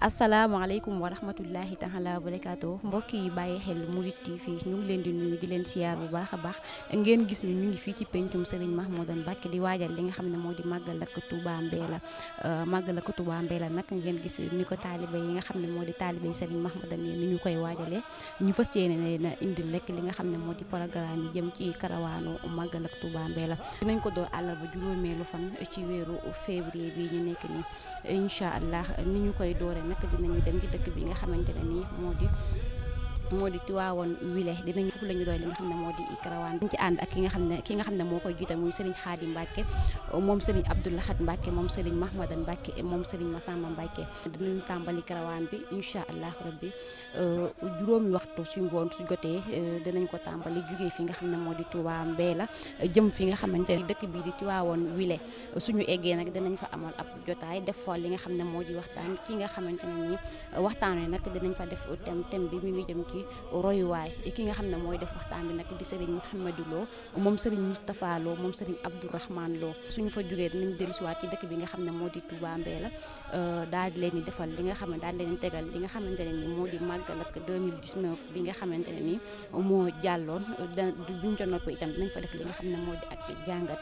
asalaamaaleykum wa rahmatullahi taala wa barakaatu mbokk yi bàyyi xel Mouride TV ñu ngi leen di nuyu di leen siyaar bu baax a baax ngeen gis ñu ñu ngi fii ci pencum Serigne Mahmoudan Mbacké di waajal li nga xam ne moo di màggal ak Touba Mbella màggal ak Touba Mbella nag ngeen gis ni ko taalibe yi nga xam ne moo Serigne Mahmoudan ni ñu koy waajalee ñu fas na indil rek li nga xam ne programme jëm ci karawaanu màggal ak Touba Mbella dinañ ko door àllarba juróomeelu fan ci weeru février bi ñu nekk nii incha ni ñu koy doore nag dinañu dem ci dëkk bi nga xamante ne nii moo di moo di Tiwaawoon wile dinañ foofu la ñu doy li nga xam ne moo di karawaan dañ ci ànd ak ki nga xam ne ki nga xam ne moo koy jiite muy Serigne Xaadi Mbacke moom Serigne Abdoul Ahad Mbacke moom Serigne Mahmadan Mbacke moom Serigne Massamba Mbacke dinañu tàmbali karawaan bi incha allah rabbi euh, juróomi waxtu su ngoon su jotee euh, dinañ ko tàmbali jugee fi nga xam ne moo di Touba la jëm fi nga xamante ne dëkk bii di Tiwaawoon wile suñu eggee nag dinañ fa amal ab jotaay def fa li nga xam ne moo di waxtaan ki nga xamante ne nii wi nag dinañ fa def tem thème bi mi ngi jëm ci royuwaay ki nga xam ne mooy def waxtaan bi nag di sëriñ Mouhamadou Lo moom sëriñ Moustapha Lo moom sëriñ Abdourahman Lo suñu fa jógee dinañ dellusiwaat ci dëkk bi nga xam ne moo di Touba Mbella euh, daal di leen di defal li nga xam ne daal di leen tegal nga xamante ne ni moo di màggal ak 2019 bi nga xamante ne ni moo jàlloon da duñ ca nopp itam dinañ fa def li nga xam ne moo di ak jàngat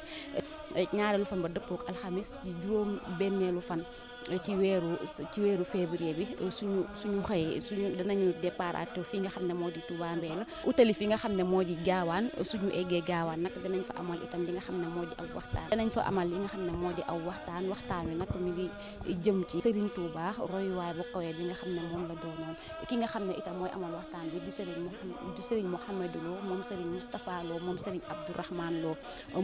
ñaareelu fan ba dëppook alxamis di juróom benneelu fan ci weeru ci weeru février bi euh, suñu suñu xëyee suñu danañu déparaat fii nga xam ne moo di Touba Mbella utali fi nga xam ne moo di gaawaan suñu eggee gaawaan nag danañ fa amal itam li nga xam ne moo di aw waxtaan danañ fa amal li nga xam ne moo di aw waxtaan waxtaan wi nag mi ngi jëm ci Serigne Touba royuwaay bu kawee bi nga xam ne moom la doonoon ki nga xam ne itam mooy amal waxtaan bi di sëriñ di Serigne Mouhamadou Lo moom Serigne Moustapha Lo moom Serigne Abdourahmane Lo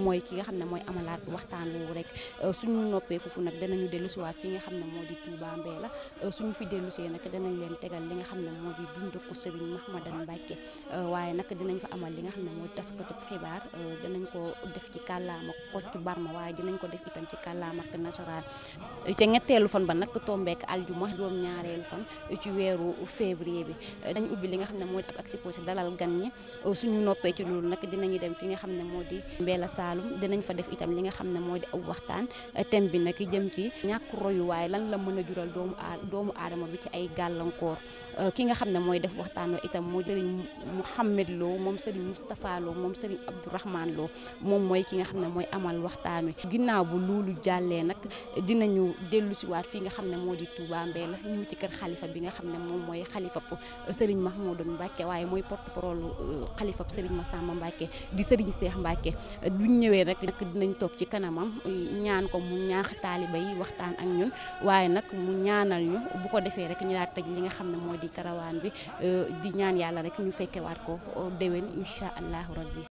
mooy ki nga xam ne mooy amalaat waxtaan woowu rek euh, suñu noppee foofu nag danañu dellusiwaat fi xam ne moo di Touba Mbella euh, suñu fi dellu see nag danañ leen tegal li nga xam ne moo di dundëkku Sëriñ Mahmadan Mbàkke euh, waaye nag dinañ fa amal li nga xam ne moo di taskatu xibaar euh, danañ ko def ci kàllaama Kocc Barma waaye dinañ ko def itam ci kàllaama ak nasaraan te ñetteelu fan ba nag tombeek aljuma doom ñaareelu fan ci bi dañ ubbi li nga xam ne moo di ab exposé dalal gan ñi suñu noppee ci loolu nag dinañu dem fi nga xam ne moo di Mbella Saloum dinañ fa def itam li nga xam ne moo di ab waxtaan thème bi nag ñàkk royuwaay waaye lan la mën a jural doomu a doomu aadama bi ci ay gàllankoor euh, ki nga xam ne mooy def waxtaan wa itam mooy sëriñ Mouhamed Lo moom sëriñ Moustapha Lo moom sëriñ Abdourahman Lo moom mooy ki nga xam ne mooy amal waxtaan wi ginnaaw bu loolu jàllee nag dinañu dellu siwaat fii nga xam ne moo di Touba Mbella ci kër xalifa bi nga xam ne moom mooy xalifa euh, sëriñ Mahmoudou Mbacke waaye mooy porte parole euh, xalifa sëriñ Massamba Mbacke di sëriñ Cheikh Mbacke buñ ñëwee rek nag dinañ toog ci kanamam ñaan ko mu ñaax taaliba waxtaan ak ñun waaye nag mu ñaanal ñu bu ko defee rek ñu daal tëj li nga xam ne moo di karawaan bi euh, di ñaan yàlla rek ñu fekkewaat ko euh, déwén incha allahu rabbi